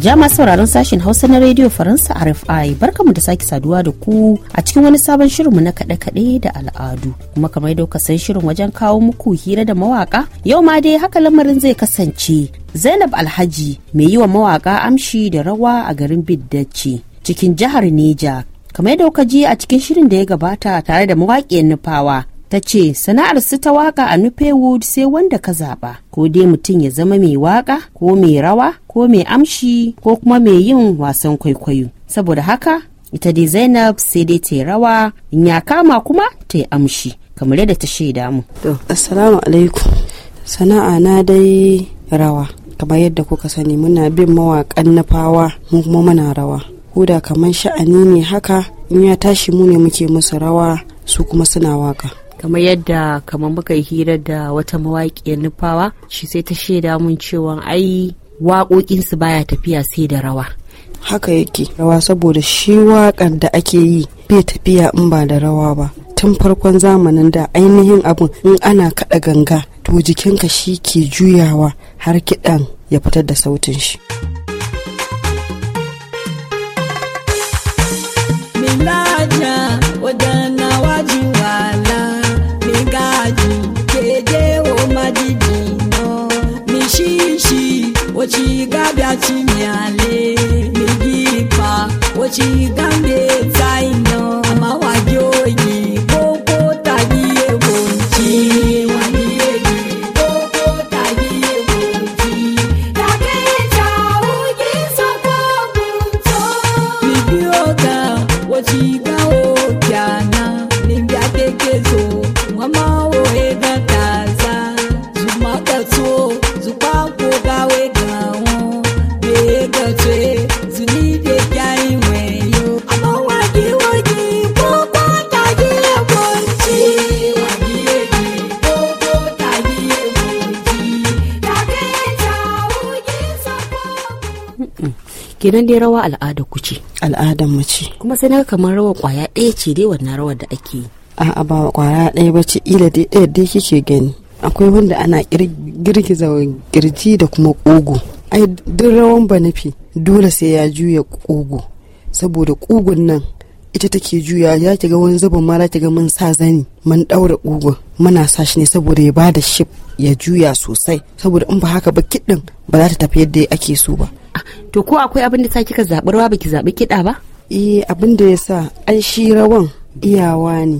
jama sauraron sashen hausa na rediyo faransa rfi barkamu da sake saduwa da ku a cikin wani sabon shirinmu na kaɗe-kaɗe da al'adu kuma kamar yadda san shirin wajen kawo muku hira da mawaka yau ma dai haka lamarin zai kasance zainab alhaji mai yi wa mawaka amshi da rawa a garin biddaci cikin jihar neja kamar yadda kuka ji a cikin shirin da ya gabata tare da mawaƙiyar nufawa ta ce sana'ar su ta waka a Nufewood sai wanda ka zaɓa ko dai mutum ya zama mai waka ko mai rawa ko mai amshi ko kuma mai yin wasan kwaikwayo saboda haka ita dai Zainab sai dai ta rawa in ya kama kuma ta yi amshi kamar yadda ta shaida mu. To assalamu alaikum sana'a na dai rawa kamar yadda kuka sani muna bin mawaƙan nafawa mu kuma muna rawa huda kamar sha'ani ne haka in ya tashi mu ne muke musu rawa su kuma suna waka kamar yadda kamar muka yi hira da wata mawaƙiyar nufawa shi sai ta shaida mun cewa ai waƙoƙinsu baya tafiya sai da rawa haka yake rawa saboda shi waƙan da ake yi bai tafiya in ba da rawa ba tun farkon zamanin da ainihin abin in ana kaɗa ganga to jikinka shi ke juyawa har kiɗan ya fitar da sautin shi. chigabia chimiale migipa ochigambe kenan dai rawa al'ada ku ce al'adan mu ce kuma sai naga kamar rawa kwaya ɗaya ce dai wannan rawar da ake yi a'a ba kwaya ɗaya bace ila dai ɗaya dai kike gani akwai wanda ana girgiza girji da kuma ƙugu ai duk rawan ba nufi dole sai ya juya ƙugu saboda kugun nan ita take juya ya ga wani zubin ma ki ga mun sa zani mun ɗaura ƙugun muna sa shi ne saboda ya bada shif ya juya sosai saboda in ba haka ba kiɗin ba za ta tafi yadda ake so ba to ko akwai abin da sa kika zaɓi rawa baki zaɓi kiɗa ba eh abin da ya sa ai shi rawan iyawa ne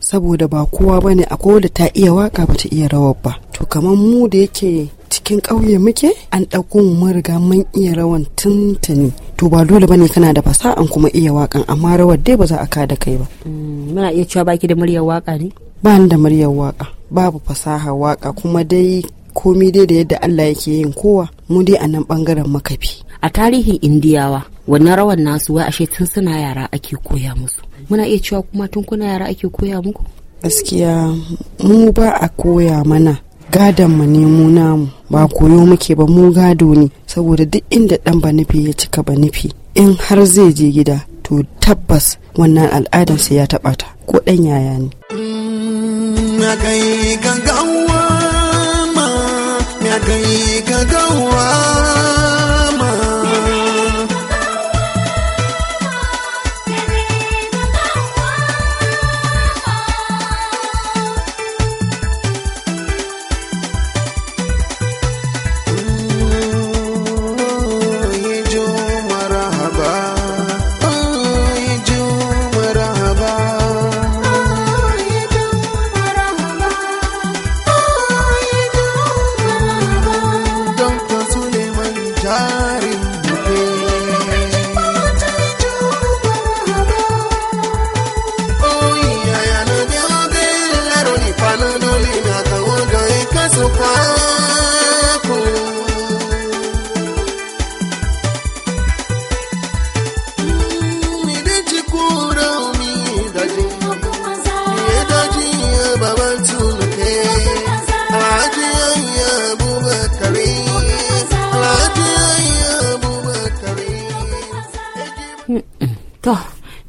saboda ba kowa bane akwai da ta iya waka ba ta iya rawar ba to kamar mu da yake cikin ƙauye muke an ɗauko mu mun riga mun iya rawan tuntuni to ba dole bane kana da fasa'an kuma iya wakan amma rawar dai ba za a kada kai ba mm, muna iya cewa baki da muryar waka ne ba da muryar waka babu fasaha waka kuma dai komi dai da yadda Allah yake yin kowa mu dai a nan bangaren makafi a tarihin indiyawa wannan rawan nasu wai ashe tun suna yara ake koya musu muna iya cewa kuma tun kuna yara ake koya muku gaskiya mu ba a koya mana gadon mu ne mu namu ba koyo muke ba mu gado ne saboda duk inda dan ba nufi ya cika ba nufi in har zai je gida to tabbas wannan al'adarsa ya taɓa ta ko ɗan yaya ne. Mm, na kai kai gai gagawa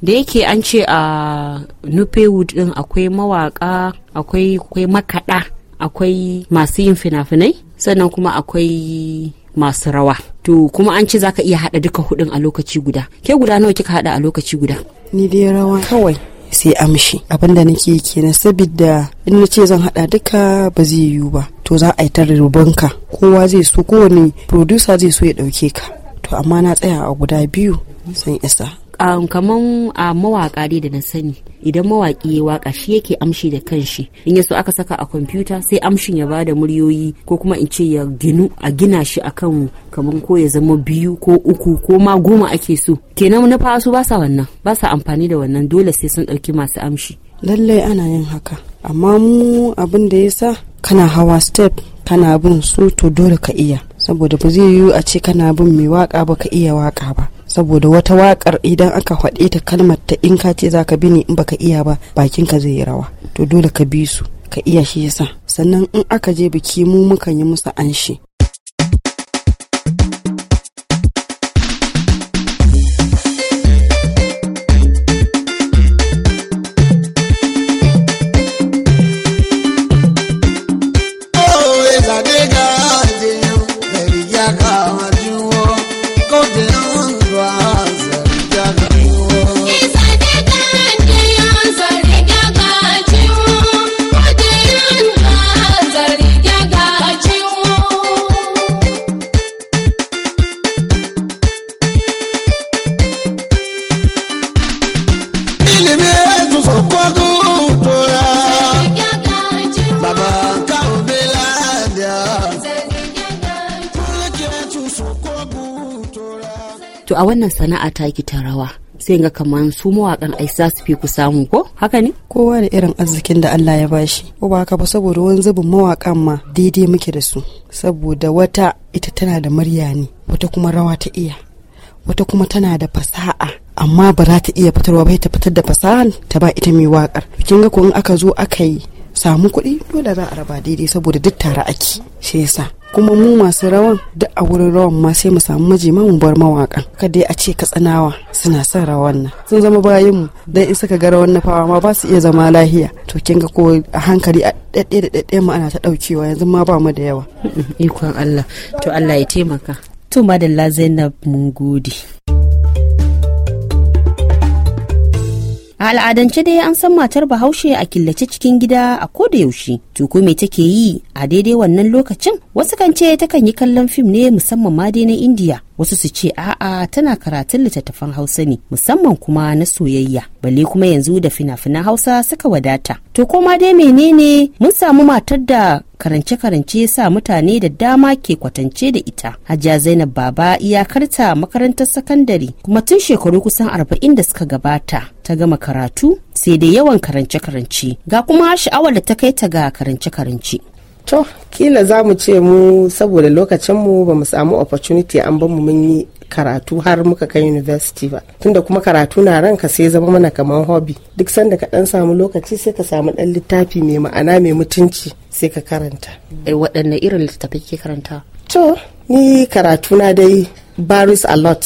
da yake an ce a nupewood din akwai mawaka akwai makada akwai masu yin fina-finai sannan kuma akwai masu rawa to kuma an ce zaka iya hada duka hudun a lokaci guda ke guda nawa kika hada a lokaci guda ni dai rawa kawai sai amshi abinda nake kenan saboda in na ce zan hada duka ba zai yiwu ba to za a yi ta rubanka kowa zai so kowane producer zai so ya dauke ka to amma na tsaya a guda biyu sun isa Um, kaman a um, mawaka dai da na sani idan mawaki ya waka shi yake amshi da kanshi in ya so aka saka a kwamfuta sai amshin ya bada muryoyi ko kuma in ce ya ginu a gina shi a akan kaman ko ya zama biyu ko uku ko ma goma ake so kenan na su ba sa wannan ba sa amfani da wannan dole sai sun ɗauki masu amshi lallai ana yin haka amma mu abin da ya sa kana hawa step kana bin su to dole ka iya saboda ba zai yiwu a ce kana bin mai waka ba ka iya waka ba saboda wata wakar idan aka faɗe ta kalmar ta in ka ce za ka bi ni in baka iya ba bakin ka zai yi rawa to dole ka bi su ka iya shi yasa sannan in aka je biki mu mukan yi musu anshi To a wannan sana'a ta ki ta rawa sai ga kamar su mawakan ai za su fi ku samu ko haka ne kowa da irin arzikin da Allah ya bashi ko ba haka ba saboda wani zubin mawakan ma daidai muke da su saboda wata ita tana da murya ne wata kuma rawa ta iya wata kuma tana da fasaha amma ba za ta iya fitarwa ba ta fitar da fasaha ta ba ita mai wakar kin ga ko in aka zo aka yi samu kuɗi dole za a raba daidai saboda duk tare ake shi yasa kuma mu masu rawan duk a wurin rawan ma sai mu samu majima mu bar mawaka kada a ce katsinawa suna son rawan nan sun zama bayan mu dan in suka ga rawan fawa ma ba su iya zama lahiya to kin ga ko a hankali a daɗe da daɗe mu ana ta ɗaukewa yanzu ma ba mu da yawa ikon Allah to Allah ya taimaka to madalla Zainab mun gode A al'adance dai an san matar Bahaushe a killace cikin gida a koda yaushe. Tuko me take yi a daidai wannan lokacin? Wasu kan ce takan yi kallon fim ne musamman ma dai na Indiya wasu su ce a'a tana karatun littattafan hausa ne musamman kuma na soyayya balle kuma yanzu da fina-finan hausa suka wadata to koma dai menene mun samu matar da karance-karance sa mutane da dama ke kwatance da ita hajiya zainab baba iyakarta makarantar sakandare kuma tun shekaru kusan arba'in da suka gabata ta gama karatu sai dai yawan karance-karance ga kuma sha'awar da ta kai ta ga karance-karance to kila za mu ce mu saboda lokacinmu ba mu samu opportunity an bamu mun yi karatu har muka kai university ba tunda kuma karatu na ranka sai zama mana kamar hobby duk sanda ka dan samu lokaci sai ka samu dan littafi mai ma'ana mai mutunci sai ka karanta eh waɗanne irin littafi ke karanta to ni karatu na dai baris a lot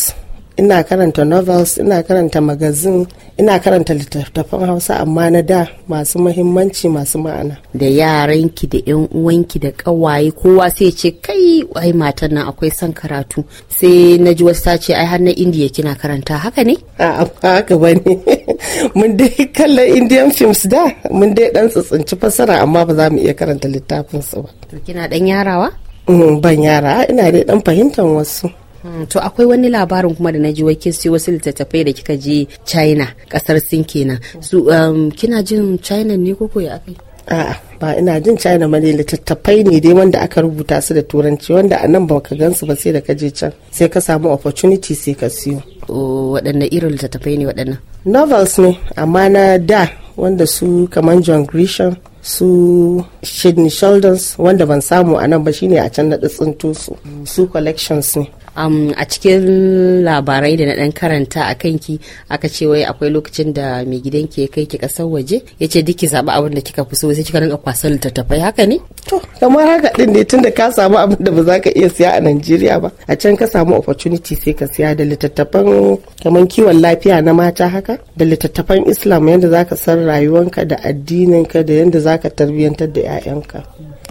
ina karanta novels ina karanta magazin ina karanta littattafan hausa amma na da masu mahimmanci masu ma'ana da yaranki da yan uwanki da kawaye kowa sai ce kai ai matan nan akwai son karatu sai na ji wasu ce ai har na indiya kina karanta haka ne a haka ba ne mun dai kallon indian films da mun dai dan tsitsinci fasara amma ba za mu iya karanta littafin su ba to kina dan yarawa mm, ban yara ina dai dan fahimtar wasu Hmm, to akwai wani labarin kuma da na ji wakil siyo wasu littattafai da kika je china kasar sin kenan su um, kina jin china ne ko ya akai a'a ba ina jin china ne littattafai ne dai wanda aka rubuta su da turanci wanda a nan ba ka gansu ba sai da ka je can sai ka samu opportunity sai ka siyo waɗanne irin littattafai ne waɗannan novels ne amma na da wanda su kamar john grisham su Shidney shoulders wanda ban samu a nan ba shine a can na su su collections ne um, a cikin labarai da na dan karanta a kanki aka ce wai akwai lokacin da mai gidan ke kai ki kasar waje ya ce duk ki zaɓi abin da kika fi so sai kika rinka kwasan littattafai haka ne to kamar haka din ne tunda ka samu abin da ba za ka iya siya a Najeriya ba a can ka samu opportunity sai ka siya da littattafan kamar kiwon lafiya na mata haka da littattafan Islam yadda za ka san rayuwanka da addininka da yadda za ka tarbiyyantar da 'ya'yanka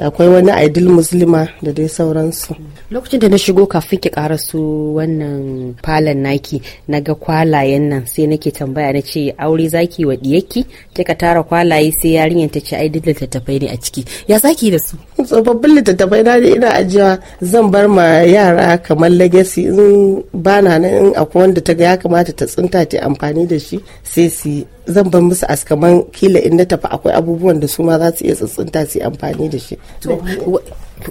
akwai wani idil musulma da dai sauransu lokacin da na shigo kafin ki karasu wannan falon naki na ga kwalayen nan sai nake tambaya na ce aure zaki wa diyaki kika tara kwalaye sai yarinyar ta ce ai duk littattafai ne a ciki ya zaki da su tsofaffin littattafai na ina ajiya zan bar ma yara kamar legacy in bana nan in akwai wanda ta ga ya kamata ta tsinta ta amfani da shi sai su zan bar musu askaman kila in na tafi akwai abubuwan da su ma za su iya tsuntsunta su amfani da shi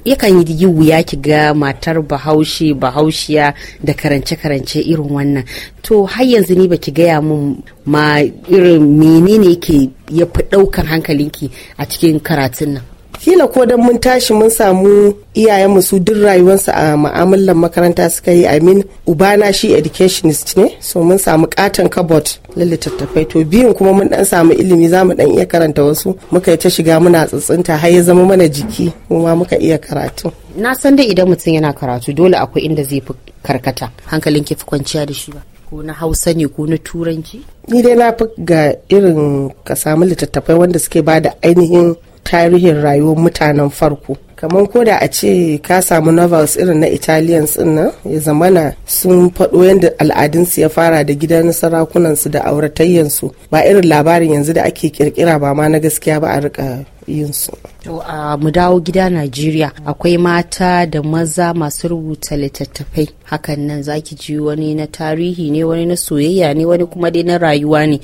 yakan yi wuya ki ga matar bahaushe bahaushiya da karance-karance irin wannan to har yanzu ni baki gaya mun ma irin menene ke ya fi ɗaukar hankalinki a cikin karatun nan kila ko dan mun tashi mun samu iyayenmu su duk rayuwarsu a ma'amalar makaranta suka yi amin ubana shi educationist ne so mun samu katon cupboard. na littattafai to biyun kuma mun dan samu ilimi za mu dan iya karanta wasu muka yi ta shiga muna tsitsinta har ya zama mana jiki kuma muka iya karatu na san dai idan mutum yana karatu dole akwai inda zai fi karkata hankalin ki fi kwanciya da shi ba ko na hausa ne ko na turanci ni dai na fi ga irin ka samu littattafai wanda suke ba da ainihin tarihin rayuwar mutanen farko kamar da a ce ka samu novels irin na italians din nan ya zamana sun faɗo yadda al'adunsu ya fara da gidan sarakunansu da auratayyansu ba irin labarin yanzu da ake kirkira ba ma na gaskiya ba a rika yin su. To a mu dawo gida Najeriya akwai mata da maza masu rubuta littattafai hakan nan zaki ji wani na tarihi ne wani na soyayya ne wani kuma dai na rayuwa ne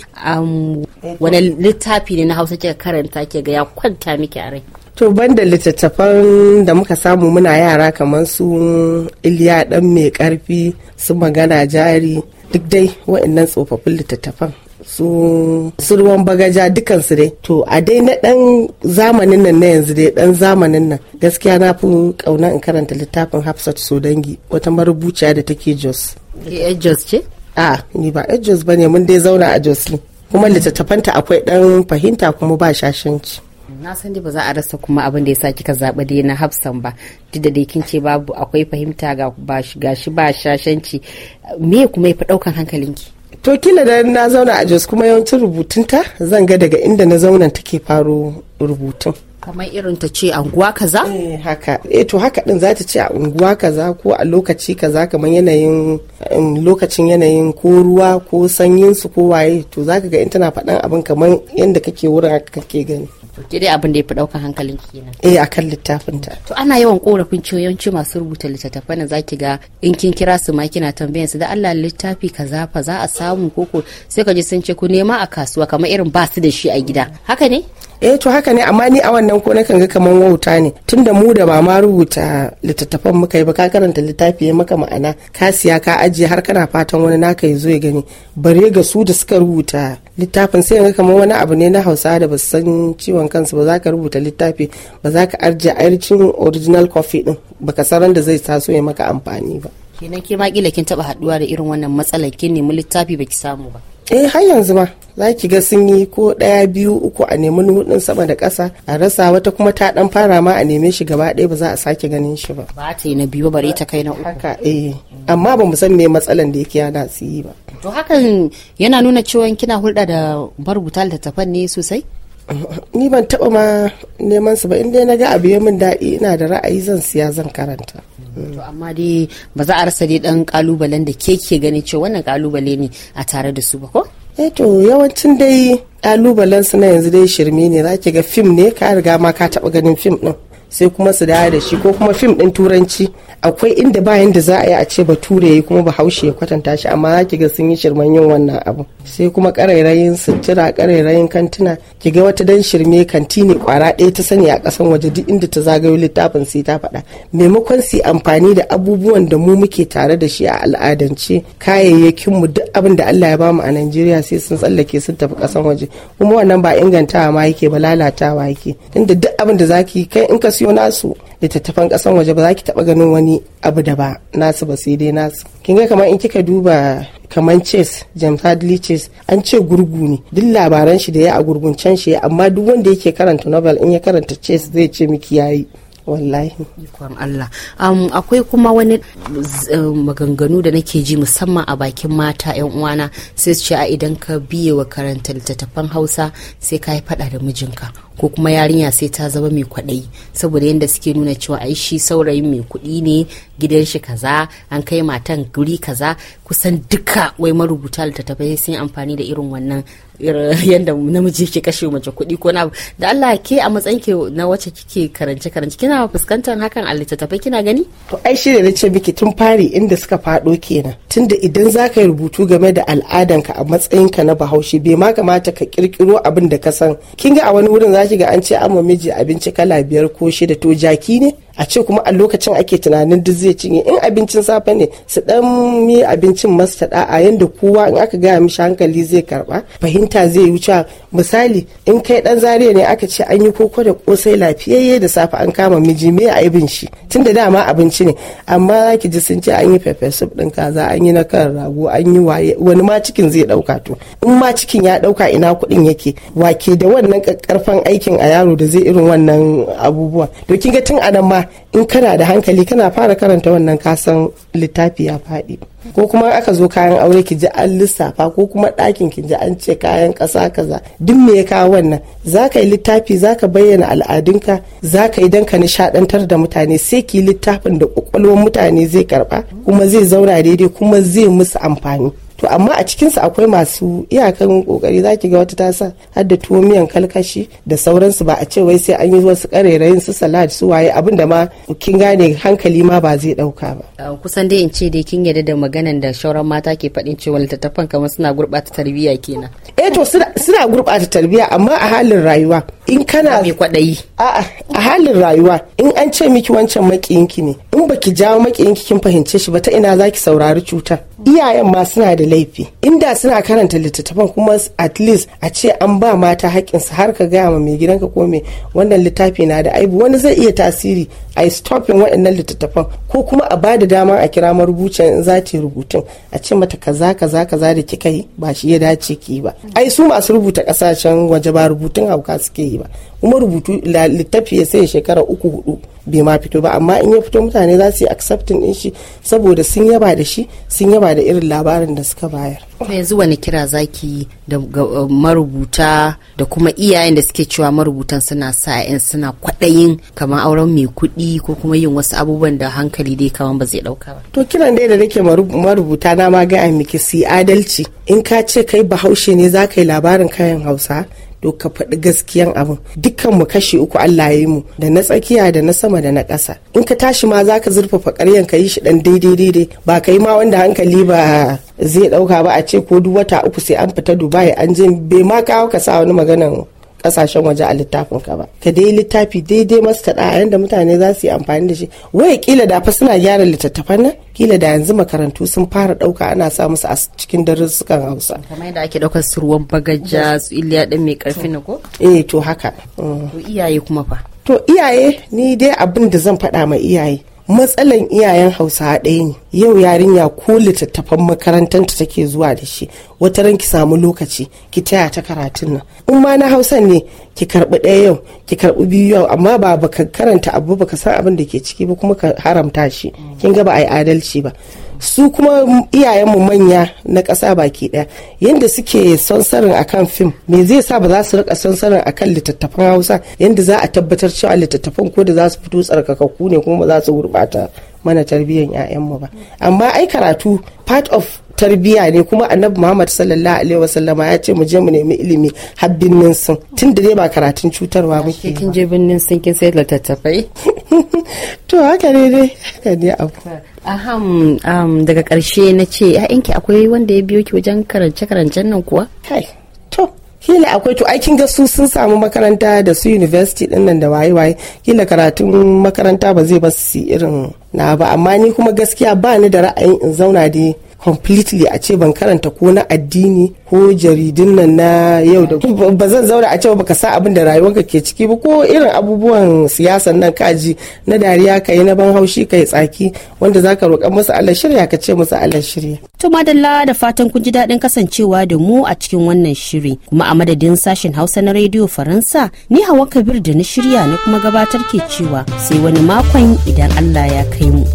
eh, wani littafi ne na Hausa kika karanta ke ga ya kwanta miki a rai. to banda littattafan da muka samu muna yara kamar su iliya dan mai karfi su magana jari duk dai waɗannan tsofaffin littattafan su ruwan bagaja dukansu dai to a dai na dan zamanin nan na yanzu dai dan zamanin nan gaskiya na fi kauna in karanta littafin hafsat sodangi wata marubuciya da take jos jos ce a ni ba jos ba ne mun dai zauna a jos kuma littattafanta akwai dan fahimta kuma ba shashanci na san ba za a rasa kuma abin da ya sa kika zaɓi dai na hafsan ba duk da dai kin ce babu akwai fahimta ga gashi shi ba shashanci me kuma ya fi ɗaukan hankalinki to kila da na zauna a jos kuma yawancin rubutunta zan ga daga inda na zauna take faro rubutun kamar irin ta ce anguwa kaza eh haka eh to haka din za ta ce a unguwa kaza ko a lokaci kaza kamar yanayin lokacin yanayin ko ruwa ko sanyin su ko waye to zaka ga in tana faɗan abin kamar yadda kake wurin haka kake gani to dai abin da ya fi ɗaukar hankalin kenan eh akan littafin ta to ana yawan korafin ciyoyanci masu rubuta littattafai nan zaki ga in kin kira su ma kina tambayan su da Allah littafi kaza fa za a samu koko sai ka ji sun ce ku nema a kasuwa kamar irin ba su da shi a gida haka ne eh to haka ne amma ni a wannan ko nakan ga kaman wauta ne tunda mu da ba ma rubuta littattafan muka yi ba ka karanta littafi ya maka ma'ana ka siya ka ajiye har kana fatan wani naka ya zo ya gani bare ga su da suka rubuta littafin sai ga kaman wani abu ne na hausa da ba san ciwon kansu ba za ka rubuta littafi ba za ka ajiye aircin original coffee din baka san da zai taso ya maka amfani ba kenan ke ma kila kin taba haduwa da irin wannan matsalar kin nemi littafi baki samu ba eh har yanzu ma za ki ga sun yi ko ɗaya biyu uku a nemi hudun sama da ƙasa a rasa wata kuma ta ɗan fara ma a neme shi gaba ɗaya ba za a sake ganin shi ba ba ta yi na biyu bare ta kai na uku haka eh amma ba mu san me matsalan da yake yana su yi ba to hakan yana nuna cewa kina hulɗa da marubuta littattafan ne sosai ni ban taba ma neman su ba inda na ga abu ya min daɗi ina da ra'ayi zan siya zan karanta amma dai ba za a rasa dai dan kalubalen da ke ke gani cewa wannan kalubale ne a tare da su ba ko eh yawancin dai kalubalen su na yanzu dai shirme ne za zaki ga fim ne ka riga ma ka taba ganin fim din sai kuma su dawo da shi ko kuma fim din turanci akwai inda bayan da za a yi a ce ba ture yi kuma bahaushe ya kwatanta shi amma za ki ga sun yi shirman yin wannan abu sai kuma karairayin sutura karairayin kantina ki ga wata dan shirme kanti ne kwara ɗaya ta sani a ƙasan waje duk inda ta zagayo littafin sai ta faɗa maimakon su amfani da abubuwan da mu muke tare da shi a al'adance kayayyakinmu duk abin da Allah ya bamu a Najeriya sai sun tsallake sun tafi ƙasan waje kuma wannan ba ingantawa ma yake ba lalatawa yake tunda duk abin da zaki kai in ka siyo siyo nasu littattafan kasan waje ba za ki taba ganin wani abu da ba nasu ba sai dai nasu kin ga kamar in kika duba kamar chess james hadley chess an ce gurgu ne duk labaran shi da ya a gurguncen shi amma duk wanda yake karanta novel in ya karanta ces zai ce miki yayi wallahi ikon Allah akwai kuma wani eh, maganganu da nake ji musamman a bakin mata yan uwana sai su ce a idan ka biye wa karanta littattafan Hausa sai ka yi fada da mijinka ko kuma yarinya sai ta zama mai kwaɗayi saboda yadda suke nuna cewa ai shi saurayin mai kuɗi ne gidan shi kaza an kai matan guri kaza kusan duka wai marubuta littattafai sun amfani da irin wannan yadda namiji ke kashe mace kuɗi ko na da Allah ke a matsayin ke na wacce kike karance karance kina fuskantar hakan a littattafai kina gani to ai shi ne ce biki tun fari inda suka faɗo kenan tunda idan zaka yi rubutu game da al'adanka a matsayinka na bahaushe bai ma kamata ka kirkiro abin da ka san kin ga a wani wurin zaki ga an ce amma miji abinci kala biyar ko shida to jaki ne a ce kuma a lokacin ake tunanin duk zai cinye in abincin safe ne su dan mi abincin masta a yanda kowa in aka gaya mishi hankali zai karba fahimta zai wuce misali in kai dan zariya ne aka ce an yi koko da kosai lafiyayye da safe an kama miji me aibin shi tun da dama abinci ne amma zaki ji sun ce an yi pepper soup din kaza an yi na kan rago an yi waye wani ma cikin zai ɗauka to in ma cikin ya ɗauka ina kuɗin yake wake da wannan karfan aikin a yaro da zai irin wannan abubuwa to kin ga tun a nan ma in kana da hankali kana fara karanta wannan kasan littafi ya faɗi ko kuma aka zo kayan aure ki ji an lissafa ko kuma ɗakin ki ji an ce kayan ƙasa kaza duk me ya kawo wannan za ka yi littafi za ka bayyana al'adunka za ka yi dan ka nishaɗantar da mutane sai ki littafin da ƙwaƙwalwar mutane zai karɓa kuma zai zauna daidai kuma zai musu amfani to amma a cikinsu akwai masu iyakan kokari zaki ga wata ta sa har da tuwo miyan kalkashi da sauransu ba a ce wai sai an yi wasu karerayin su salad su waye abin da ma kin gane hankali ma ba zai dauka ba ah, kusan dai in ce dai kin yarda da maganan da shauran mata ke faɗin cewa littattafan kamar suna gurɓata tarbiyya kenan eh to suna gurɓata tarbiyya amma a halin rayuwa in kana mai kwaɗayi a halin rayuwa in an ce miki wancan makiyinki ne in baki jawo makiyinki kin fahimce shi ba ta ina zaki saurari cutar iyayen ma suna da laifi inda suna karanta littattafan kuma at least a ce an ba mata su har ka gaya ma mai gidanka ko mai wannan littafi na da aibu wani zai iya tasiri a yi stopping waɗannan littattafan ko kuma a ba da dama a kira marubucin in za ta yi rubutun a ce mata kaza kaza kaza da kika yi ba shi ya dace ki ba ai su masu rubuta ƙasashen waje ba rubutun hauka suke yi ba kuma rubutu littafi ya sai shekara uku hudu bai ma fito ba amma in ya fito mutane za su yi accepting din shi saboda sun yaba da shi sun yaba da irin labarin da suka bayar yanzu wani kira zaki da uh, marubuta da kuma iyayen da suke cewa marubutan suna sa yan suna kwaɗayin kamar auren mai kuɗi ko kuma yin wasu abubuwan da hankali dai kawan ba zai ɗauka ba to kiran dai da nake marubuta na ma ga miki su adalci in ka ce kai bahaushe ne za ka yi labarin kayan hausa to faɗi gaskiyan abin dukkan mu kashi uku Allah ya yi mu da na tsakiya da na sama da na ƙasa in ka tashi ma zaka zurfafa ƙaryan ka yi shi dan daidai daidai ba kai ma wanda hankali ba zai ɗauka ba a ce ko duk wata uku sai an fita Dubai an je bai ma kawo ka sa wani maganan kasashen waje a littafin ka ba ka dai littafi daidai masu kaɗa yadda mutane za su yi amfani da shi wai kila da fa suna gyara littattafan nan kila da yanzu makarantu sun fara ɗauka ana sa musu a cikin darussukan hausa kamar yadda ake daukar su ruwan bagaja su iliya dan mai karfi na ko eh to haka mm. to iyaye kuma fa to iyaye ni dai abin da zan faɗa ma iyaye matsalan iyayen hausa ɗaya ne yau yarinya ko littattafan makarantar ta take zuwa da shi wata ran ki samu lokaci ki taya ta karatun nan in ma na hausa ne ki karbi ɗaya yau ki karbi biyu yau amma ba baka karanta abu baka san abin da ke ciki ba kuma ka haramta shi kin ga ba a yi adalci ba su kuma iyayenmu manya na ƙasa baki ɗaya yadda suke sansarin akan fim me zai sa ba za su rika sansarin akan littattafan hausa yadda za a tabbatar cewa littattafan ko da za su fito tsarkakakku ne kuma ba za su gurɓata mana tarbiyyar 'ya'yan mu ba amma ai karatu part of tarbiya ne kuma annabi muhammad sallallahu alaihi wasallama ya ce mu je mu nemi ilimi habbin ninsin tun da dai ba karatun cutarwa muke kin je bin ninsin kin sai littattafai to haka ne dai haka ne abu aham um, daga karshe na ce ki akwai wanda ya biyo ki wajen karance karancen nan kuwa kai to kila akwai to aikin ga su sun samu makaranta da su university din nan da waye waye kila karatun makaranta ba zai ba su irin na ba amma ni kuma gaskiya ba ni da ra'ayin in zauna dai completely a ce ban karanta ko na addini ko jaridun nan na yau da ba zan zauna a ce baka sa abin da rayuwarka ke ciki ba ko irin abubuwan siyasan nan kaji na dariya kai na ban haushi kai tsaki wanda zaka roƙa musu Allah shirya ka ce musu Allah shirya to madalla da fatan kun ji daɗin kasancewa da mu a cikin wannan shiri kuma a madadin sashen Hausa na rediyo Faransa ni Hawa Kabir da na shirya na kuma gabatar ke cewa sai wani makon idan Allah ya kai mu